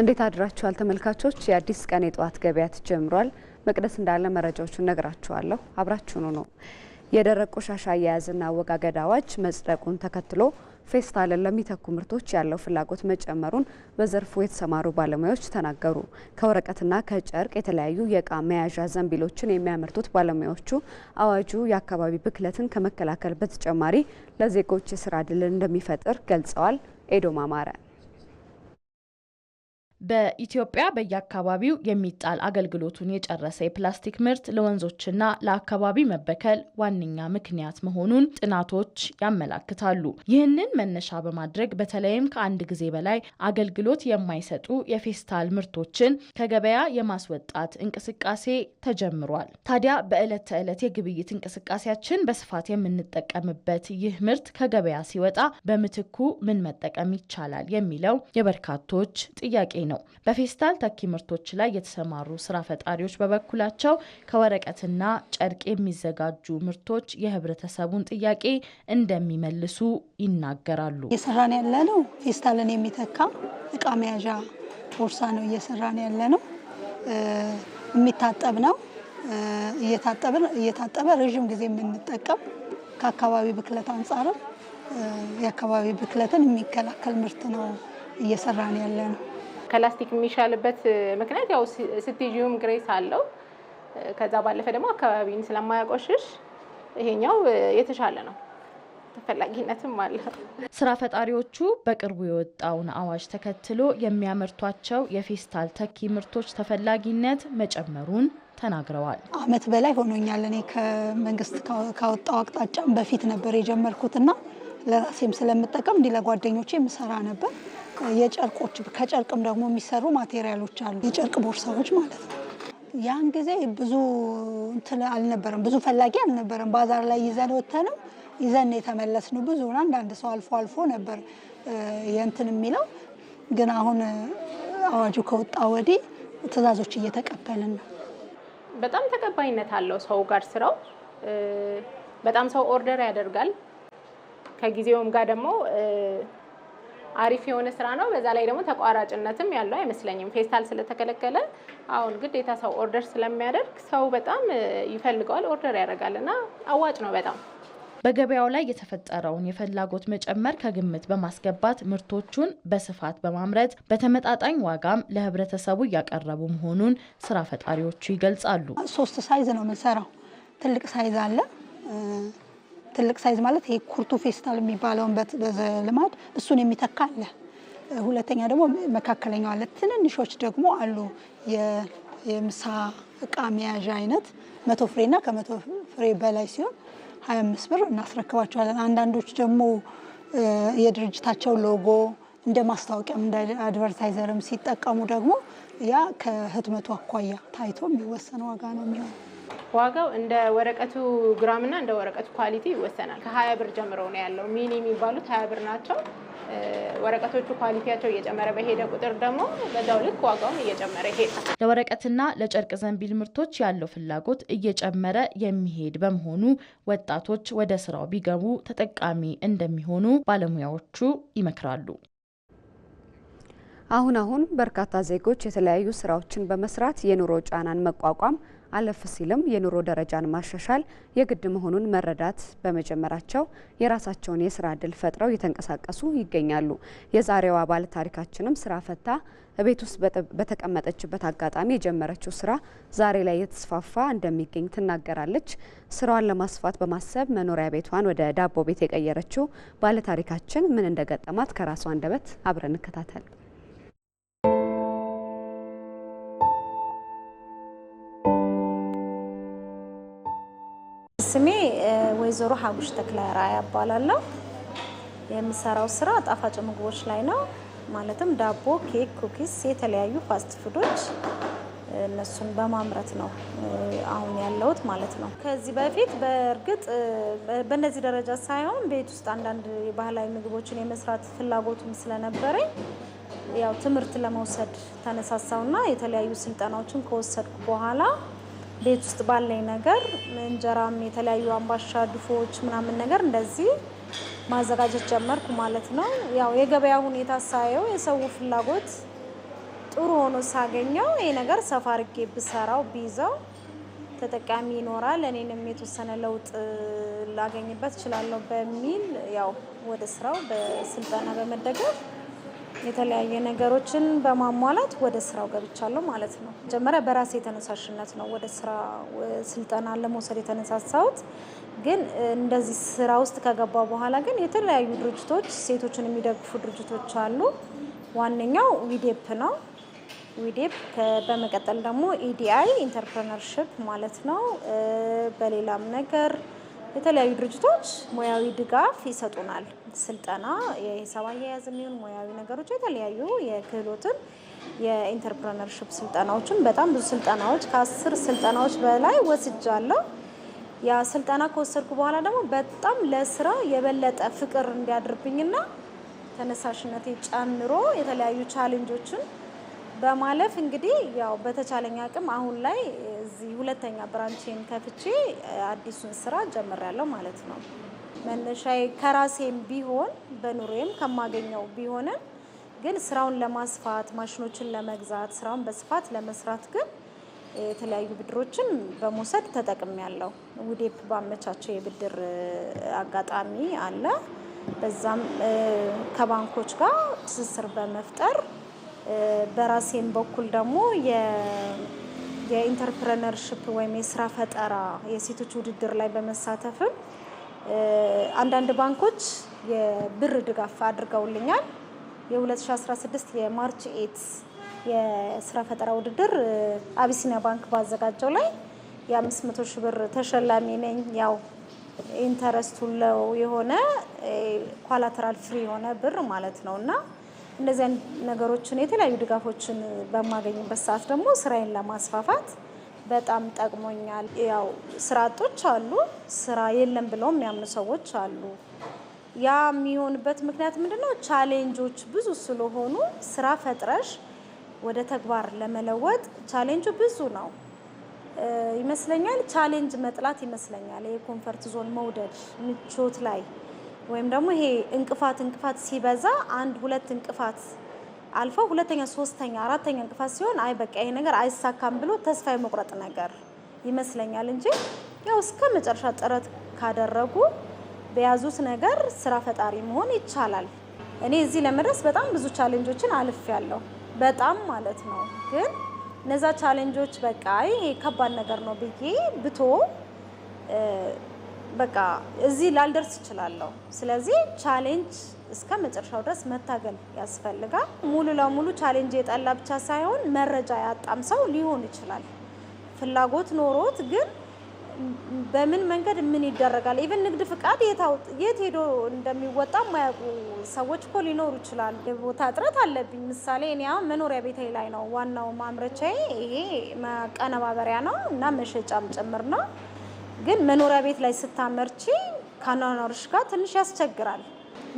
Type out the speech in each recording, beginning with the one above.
እንዴት አድራችኋል ተመልካቾች? የአዲስ ቀን የጠዋት ገበያ ተጀምሯል። መቅደስ እንዳለ መረጃዎቹን ነግራችኋለሁ። አብራችሁኑ ነው። የደረቅ ቆሻሻ አያያዝና አወጋገድ አዋጅ መጽደቁን ተከትሎ ፌስታልን ለሚተኩ ምርቶች ያለው ፍላጎት መጨመሩን በዘርፉ የተሰማሩ ባለሙያዎች ተናገሩ። ከወረቀትና ከጨርቅ የተለያዩ የእቃ መያዣ ዘንቢሎችን የሚያመርቱት ባለሙያዎቹ አዋጁ የአካባቢ ብክለትን ከመከላከል በተጨማሪ ለዜጎች የስራ ዕድልን እንደሚፈጥር ገልጸዋል። ኤዶም አማረ በኢትዮጵያ በየአካባቢው የሚጣል አገልግሎቱን የጨረሰ የፕላስቲክ ምርት ለወንዞችና ለአካባቢ መበከል ዋነኛ ምክንያት መሆኑን ጥናቶች ያመላክታሉ። ይህንን መነሻ በማድረግ በተለይም ከአንድ ጊዜ በላይ አገልግሎት የማይሰጡ የፌስታል ምርቶችን ከገበያ የማስወጣት እንቅስቃሴ ተጀምሯል። ታዲያ በዕለት ተዕለት የግብይት እንቅስቃሴያችን በስፋት የምንጠቀምበት ይህ ምርት ከገበያ ሲወጣ በምትኩ ምን መጠቀም ይቻላል የሚለው የበርካቶች ጥያቄ ነው። በፌስታል ተኪ ምርቶች ላይ የተሰማሩ ስራ ፈጣሪዎች በበኩላቸው ከወረቀትና ጨርቅ የሚዘጋጁ ምርቶች የህብረተሰቡን ጥያቄ እንደሚመልሱ ይናገራሉ። እየሰራን ያለ ነው ፌስታልን የሚተካ እቃ መያዣ ቦርሳ ነው እየሰራን ያለ ነው። የሚታጠብ ነው እየታጠበ ረዥም ጊዜ የምንጠቀም ከአካባቢ ብክለት አንጻርም የአካባቢ ብክለትን የሚከላከል ምርት ነው እየሰራን ያለ ነው። ከላስቲክ የሚሻልበት ምክንያት ያው ስቴጂዩም ግሬስ አለው። ከዛ ባለፈ ደግሞ አካባቢን ስለማያቆሽሽ ይሄኛው የተሻለ ነው። ተፈላጊነትም አለ። ስራ ፈጣሪዎቹ በቅርቡ የወጣውን አዋጅ ተከትሎ የሚያመርቷቸው የፌስታል ተኪ ምርቶች ተፈላጊነት መጨመሩን ተናግረዋል። አመት በላይ ሆኖኛል። እኔ ከመንግስት ካወጣው አቅጣጫም በፊት ነበር የጀመርኩትና ለራሴም ስለምጠቀም እንዲህ ለጓደኞቼ የምሰራ ነበር የጨርቆች ከጨርቅም ደግሞ የሚሰሩ ማቴሪያሎች አሉ፣ የጨርቅ ቦርሳዎች ማለት ነው። ያን ጊዜ ብዙ እንትን አልነበረም፣ ብዙ ፈላጊ አልነበረም። ባዛር ላይ ይዘን ወተንም ይዘን የተመለስ ነው። ብዙ አንዳንድ ሰው አልፎ አልፎ ነበር የእንትን የሚለው ግን አሁን አዋጁ ከወጣ ወዲህ ትእዛዞች እየተቀበልን ነው። በጣም ተቀባይነት አለው ሰው ጋር ስራው በጣም ሰው ኦርደር ያደርጋል ከጊዜውም ጋር ደግሞ አሪፍ የሆነ ስራ ነው። በዛ ላይ ደግሞ ተቋራጭነትም ያለው አይመስለኝም። ፌስታል ስለተከለከለ አሁን ግዴታ ሰው ኦርደር ስለሚያደርግ ሰው በጣም ይፈልገዋል፣ ኦርደር ያደርጋል እና አዋጭ ነው በጣም። በገበያው ላይ የተፈጠረውን የፍላጎት መጨመር ከግምት በማስገባት ምርቶቹን በስፋት በማምረት በተመጣጣኝ ዋጋም ለህብረተሰቡ እያቀረቡ መሆኑን ስራ ፈጣሪዎቹ ይገልጻሉ። ሶስት ሳይዝ ነው የምንሰራው። ትልቅ ሳይዝ አለ ትልቅ ሳይዝ ማለት ይሄ ኩርቱ ፌስታል የሚባለውን በልማድ እሱን የሚተካ አለ። ሁለተኛ ደግሞ መካከለኛው አለ። ትንንሾች ደግሞ አሉ። የምሳ እቃ መያዣ አይነት መቶ ፍሬና ከመቶ ፍሬ በላይ ሲሆን ሀያ አምስት ብር እናስረክባቸዋለን። አንዳንዶች ደግሞ የድርጅታቸው ሎጎ እንደ ማስታወቂያም እንደ አድቨርታይዘርም ሲጠቀሙ ደግሞ ያ ከህትመቱ አኳያ ታይቶ የሚወሰን ዋጋ ነው የሚሆነው። ዋጋው እንደ ወረቀቱ ግራምና እንደ ወረቀቱ ኳሊቲ ይወሰናል። ከሀያ ብር ጀምሮ ነው ያለው። ሚኒ የሚባሉት ሀያ ብር ናቸው። ወረቀቶቹ ኳሊቲያቸው እየጨመረ በሄደ ቁጥር ደግሞ በዛው ልክ ዋጋውም እየጨመረ ይሄዳል። ለወረቀትና ለጨርቅ ዘንቢል ምርቶች ያለው ፍላጎት እየጨመረ የሚሄድ በመሆኑ ወጣቶች ወደ ስራው ቢገቡ ተጠቃሚ እንደሚሆኑ ባለሙያዎቹ ይመክራሉ። አሁን አሁን በርካታ ዜጎች የተለያዩ ስራዎችን በመስራት የኑሮ ጫናን መቋቋም አለፍ ሲልም የኑሮ ደረጃን ማሻሻል የግድ መሆኑን መረዳት በመጀመራቸው የራሳቸውን የስራ እድል ፈጥረው እየተንቀሳቀሱ ይገኛሉ። የዛሬው አባል ታሪካችንም ስራ ፈታ ቤት ውስጥ በተቀመጠችበት አጋጣሚ የጀመረችው ስራ ዛሬ ላይ የተስፋፋ እንደሚገኝ ትናገራለች። ስራዋን ለማስፋት በማሰብ መኖሪያ ቤቷን ወደ ዳቦ ቤት የቀየረችው ባለታሪካችን ምን እንደገጠማት ከራሷ አንደበት አብረን እንከታተል። ስሜ ወይዘሮ ሀቡሽ ተክለራይ ያባላለሁ። የምሰራው ስራ ጣፋጭ ምግቦች ላይ ነው። ማለትም ዳቦ፣ ኬክ፣ ኩኪስ፣ የተለያዩ ፋስት ፉዶች እነሱን በማምረት ነው አሁን ያለሁት ማለት ነው። ከዚህ በፊት በእርግጥ በእነዚህ ደረጃ ሳይሆን ቤት ውስጥ አንዳንድ የባህላዊ ምግቦችን የመስራት ፍላጎቱም ስለነበረኝ ያው ትምህርት ለመውሰድ ተነሳሳውና የተለያዩ ስልጠናዎችን ከወሰድኩ በኋላ ቤት ውስጥ ባለኝ ነገር እንጀራም፣ የተለያዩ አምባሻ ድፎዎች ምናምን ነገር እንደዚህ ማዘጋጀት ጀመርኩ ማለት ነው። ያው የገበያ ሁኔታ ሳየው የሰው ፍላጎት ጥሩ ሆኖ ሳገኘው ይሄ ነገር ሰፋ አድርጌ ብሰራው ቢይዘው ተጠቃሚ ይኖራል፣ እኔንም የተወሰነ ለውጥ ላገኝበት እችላለሁ በሚል ያው ወደ ስራው በስልጠና በመደገፍ የተለያየ ነገሮችን በማሟላት ወደ ስራው ገብቻለሁ ማለት ነው። መጀመሪያ በራሴ የተነሳሽነት ነው ወደ ስራ ስልጠና ለመውሰድ የተነሳሳሁት። ግን እንደዚህ ስራ ውስጥ ከገባ በኋላ ግን የተለያዩ ድርጅቶች ሴቶችን የሚደግፉ ድርጅቶች አሉ። ዋነኛው ዊዴፕ ነው። ዊዴፕ በመቀጠል ደግሞ ኢዲአይ ኢንተርፕረነርሽፕ ማለት ነው። በሌላም ነገር የተለያዩ ድርጅቶች ሙያዊ ድጋፍ ይሰጡናል። ስልጠና የሂሳብ አያያዝ የሚሆን ሙያዊ ነገሮች የተለያዩ የክህሎትን የኢንተርፕረነርሽፕ ስልጠናዎችን በጣም ብዙ ስልጠናዎች ከአስር ስልጠናዎች በላይ ወስጃለሁ። ያ ስልጠና ከወሰድኩ በኋላ ደግሞ በጣም ለስራ የበለጠ ፍቅር እንዲያድርብኝና ተነሳሽነቴ ጨምሮ የተለያዩ ቻሌንጆችን በማለፍ እንግዲህ ያው በተቻለኝ አቅም አሁን ላይ እዚህ ሁለተኛ ብራንቼን ከፍቼ አዲሱን ስራ ጀምሬያለሁ ማለት ነው። መነሻዬ ከራሴም ቢሆን በኑሮዬም ከማገኘው ቢሆንም ግን ስራውን ለማስፋት ማሽኖችን ለመግዛት ስራውን በስፋት ለመስራት ግን የተለያዩ ብድሮችን በመውሰድ ያለው ውዴፕ ባመቻቸው የብድር አጋጣሚ አለ። በዛም ከባንኮች ጋር ትስስር በመፍጠር በራሴም በኩል ደግሞ የኢንተርፕረነርሽፕ ወይም የስራ ፈጠራ የሴቶች ውድድር ላይ በመሳተፍም አንዳንድ ባንኮች የብር ድጋፍ አድርገውልኛል። የ2016 የማርች ኤት የስራ ፈጠራ ውድድር አቢሲኒያ ባንክ ባዘጋጀው ላይ የ500 ሺህ ብር ተሸላሚ ነኝ። ያው ኢንተረስቱ ለው የሆነ ኳላተራል ፍሪ የሆነ ብር ማለት ነው እና እንደዚያን ነገሮችን የተለያዩ ድጋፎችን በማገኝበት ሰዓት ደግሞ ስራዬን ለማስፋፋት በጣም ጠቅሞኛል። ያው ስራ አጦች አሉ፣ ስራ የለም ብለው የሚያምኑ ሰዎች አሉ። ያ የሚሆንበት ምክንያት ምንድነው? ቻሌንጆች ብዙ ስለሆኑ ስራ ፈጥረሽ ወደ ተግባር ለመለወጥ ቻሌንጁ ብዙ ነው ይመስለኛል። ቻሌንጅ መጥላት ይመስለኛል። ይሄ ኮንፈርት ዞን መውደድ ምቾት ላይ ወይም ደግሞ ይሄ እንቅፋት እንቅፋት ሲበዛ አንድ ሁለት እንቅፋት አልፈው ሁለተኛ፣ ሶስተኛ፣ አራተኛ እንቅፋት ሲሆን አይ በቃ ይሄ ነገር አይሳካም ብሎ ተስፋ የመቁረጥ ነገር ይመስለኛል እንጂ ያው እስከ መጨረሻ ጥረት ካደረጉ በያዙት ነገር ስራ ፈጣሪ መሆን ይቻላል። እኔ እዚህ ለመድረስ በጣም ብዙ ቻሌንጆችን ያለው በጣም ማለት ነው። ግን እነዛ ቻሌንጆች በቃ ይሄ ከባድ ነገር ነው ብዬ ብቶ በቃ እዚህ ላልደርስ እችላለሁ። ስለዚህ ቻሌንጅ እስከ መጨረሻው ድረስ መታገል ያስፈልጋል። ሙሉ ለሙሉ ቻሌንጅ የጠላ ብቻ ሳይሆን መረጃ ያጣም ሰው ሊሆን ይችላል። ፍላጎት ኖሮት ግን በምን መንገድ ምን ይደረጋል? ኢቨን ንግድ ፍቃድ የት ሄዶ እንደሚወጣ የማያውቁ ሰዎች እኮ ሊኖሩ ይችላል። የቦታ እጥረት አለብኝ። ምሳሌ እኔ አሁን መኖሪያ ቤቴ ላይ ነው ዋናው ማምረቻዬ። ይሄ መቀነባበሪያ ነው እና መሸጫም ጭምር ነው። ግን መኖሪያ ቤት ላይ ስታመርቺ ከአኗኗርሽ ጋር ትንሽ ያስቸግራል።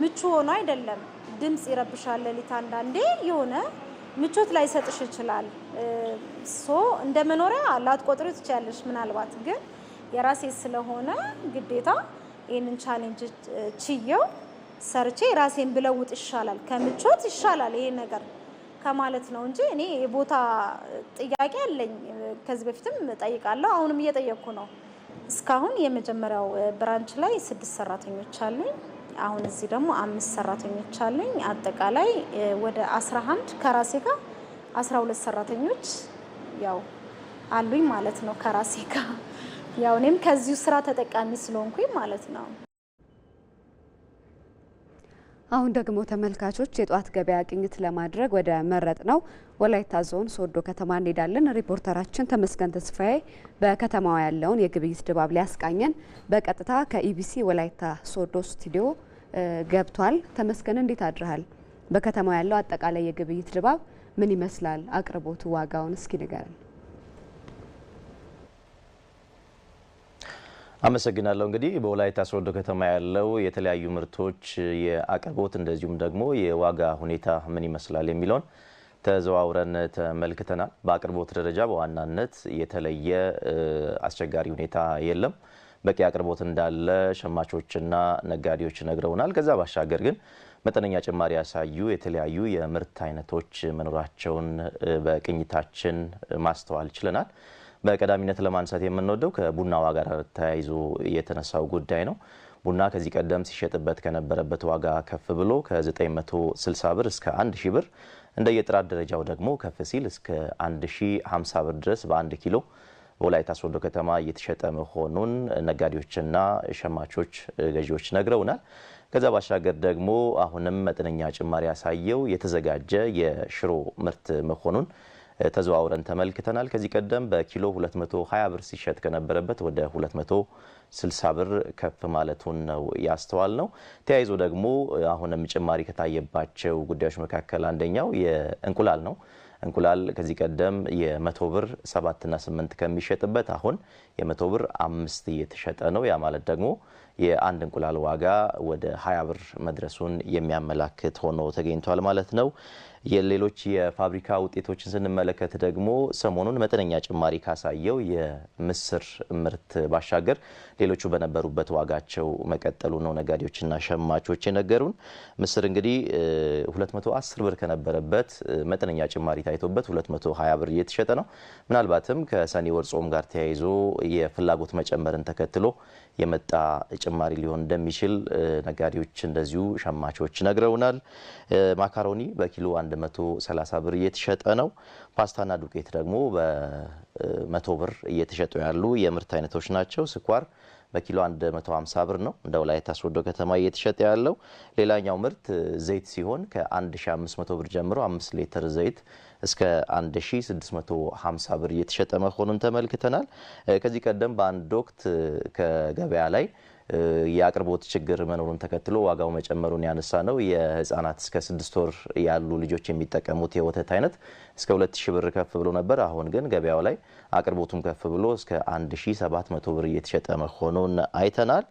ምቹ ሆኖ አይደለም። ድምፅ ይረብሻል። ሌሊት አንዳንዴ የሆነ ምቾት ላይ ሰጥሽ ይችላል። ሶ እንደ መኖሪያ ላትቆጥሪ ትችያለሽ ምናልባት። ግን የራሴ ስለሆነ ግዴታ ይህንን ቻሌንጅ ችየው ሰርቼ ራሴን ብለውጥ ይሻላል፣ ከምቾት ይሻላል ይሄ ነገር ከማለት ነው እንጂ እኔ የቦታ ጥያቄ አለኝ። ከዚህ በፊትም ጠይቃለሁ፣ አሁንም እየጠየቅኩ ነው። እስካሁን የመጀመሪያው ብራንች ላይ ስድስት ሰራተኞች አሉኝ። አሁን እዚህ ደግሞ አምስት ሰራተኞች አሉኝ። አጠቃላይ ወደ አንድ ከራሴ ጋር ሁለት ሰራተኞች ያው አሉኝ ማለት ነው። ከራሴ ጋር ያው እኔም ከዚሁ ስራ ተጠቃሚ ስለሆንኩኝ ማለት ነው። አሁን ደግሞ ተመልካቾች የጧት ገበያ ቅኝት ለማድረግ ወደ መረጥ ነው ወላይታ ዞን ሶዶ ከተማ እንሄዳለን። ሪፖርተራችን ተመስገን ተስፋዬ በከተማዋ ያለውን የግብይት ድባብ ሊያስቃኘን በቀጥታ ከኢቢሲ ወላይታ ሶዶ ስቱዲዮ ገብቷል። ተመስገን እንዴት አድረሃል? በከተማው ያለው አጠቃላይ የግብይት ድባብ ምን ይመስላል? አቅርቦቱ፣ ዋጋውን እስኪ ንገረን። አመሰግናለሁ። እንግዲህ በወላይታ ሶዶ ከተማ ያለው የተለያዩ ምርቶች የአቅርቦት እንደዚሁም ደግሞ የዋጋ ሁኔታ ምን ይመስላል የሚለውን ተዘዋውረን ተመልክተናል። በአቅርቦት ደረጃ በዋናነት የተለየ አስቸጋሪ ሁኔታ የለም። በቂ አቅርቦት እንዳለ ሸማቾችና ነጋዴዎች ነግረውናል። ከዛ ባሻገር ግን መጠነኛ ጭማሪ ያሳዩ የተለያዩ የምርት አይነቶች መኖራቸውን በቅኝታችን ማስተዋል ችለናል። በቀዳሚነት ለማንሳት የምንወደው ከቡናዋ ጋር ተያይዞ የተነሳው ጉዳይ ነው። ቡና ከዚህ ቀደም ሲሸጥበት ከነበረበት ዋጋ ከፍ ብሎ ከ960 ብር እስከ 1000 ብር እንደየጥራት ደረጃው ደግሞ ከፍ ሲል እስከ 1050 ብር ድረስ በ1 ኪሎ በወላይታ ሶዶ ከተማ እየተሸጠ መሆኑን ነጋዴዎችና ሸማቾች፣ ገዢዎች ነግረውናል። ከዛ ባሻገር ደግሞ አሁንም መጠነኛ ጭማሪ ያሳየው የተዘጋጀ የሽሮ ምርት መሆኑን ተዘዋውረን ተመልክተናል። ከዚህ ቀደም በኪሎ 220 ብር ሲሸጥ ከነበረበት ወደ 260 ብር ከፍ ማለቱን ነው ያስተዋል ነው። ተያይዞ ደግሞ አሁንም ጭማሪ ከታየባቸው ጉዳዮች መካከል አንደኛው የእንቁላል ነው። እንቁላል ከዚህ ቀደም የመቶ ብር ሰባትና ስምንት ከሚሸጥበት አሁን የመቶ ብር አምስት እየተሸጠ ነው። ያ ማለት ደግሞ የአንድ እንቁላል ዋጋ ወደ 20 ብር መድረሱን የሚያመላክት ሆኖ ተገኝቷል ማለት ነው። የሌሎች የፋብሪካ ውጤቶችን ስንመለከት ደግሞ ሰሞኑን መጠነኛ ጭማሪ ካሳየው የምስር ምርት ባሻገር ሌሎቹ በነበሩበት ዋጋቸው መቀጠሉ ነው ነጋዴዎችና ሸማቾች የነገሩን። ምስር እንግዲህ 210 ብር ከነበረበት መጠነኛ ጭማሪ ታይቶበት 220 ብር እየተሸጠ ነው። ምናልባትም ከሰኔ ወር ጾም ጋር ተያይዞ የፍላጎት መጨመርን ተከትሎ የመጣ ጭማሪ ሊሆን እንደሚችል ነጋዴዎች እንደዚሁ ሸማቾች ነግረውናል። ማካሮኒ በኪሎ 130 ብር እየተሸጠ ነው። ፓስታና ዱቄት ደግሞ በመቶ ብር እየተሸጡ ያሉ የምርት አይነቶች ናቸው። ስኳር በኪሎ 150 ብር ነው እንደ ወላይታ ሶዶ ከተማ እየተሸጠ ያለው። ሌላኛው ምርት ዘይት ሲሆን ከ1500 ብር ጀምሮ 5 ሊትር ዘይት እስከ 1650 ብር እየተሸጠ መሆኑን ተመልክተናል። ከዚህ ቀደም በአንድ ወቅት ከገበያ ላይ የአቅርቦት ችግር መኖሩን ተከትሎ ዋጋው መጨመሩን ያነሳ ነው። የህጻናት እስከ ስድስት ወር ያሉ ልጆች የሚጠቀሙት የወተት አይነት እስከ ሁለት ሺ ብር ከፍ ብሎ ነበር። አሁን ግን ገበያው ላይ አቅርቦቱም ከፍ ብሎ እስከ አንድ ሺ ሰባት መቶ ብር እየተሸጠ መሆኑን አይተናል።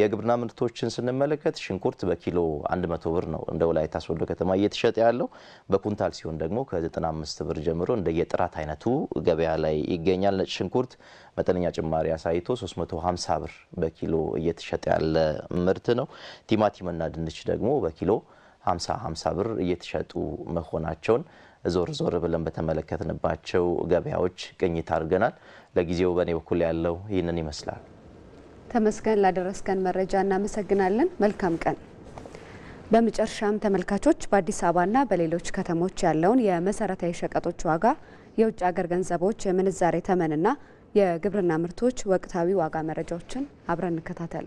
የግብርና ምርቶችን ስንመለከት ሽንኩርት በኪሎ አንድ መቶ ብር ነው እንደ ወላይታ ሶዶ ከተማ እየተሸጠ ያለው በኩንታል ሲሆን ደግሞ ከዘጠና አምስት ብር ጀምሮ እንደየጥራት አይነቱ ገበያ ላይ ይገኛል። ነጭ ሽንኩርት መጠነኛ ጭማሪ አሳይቶ 350 ብር በኪሎ እየተሸጠ ያለ ምርት ነው። ቲማቲምና ድንች ደግሞ በኪሎ 50 50 ብር እየተሸጡ መሆናቸውን ዞር ዞር ብለን በተመለከትንባቸው ገበያዎች ቅኝት አድርገናል። ለጊዜው በእኔ በኩል ያለው ይህንን ይመስላል። ተመስገን፣ ላደረስከን መረጃ እናመሰግናለን። መልካም ቀን። በመጨረሻም ተመልካቾች በአዲስ አበባና በሌሎች ከተሞች ያለውን የመሰረታዊ ሸቀጦች ዋጋ፣ የውጭ ሀገር ገንዘቦች የምንዛሬ ተመንና የግብርና ምርቶች ወቅታዊ ዋጋ መረጃዎችን አብረን እንከታተል።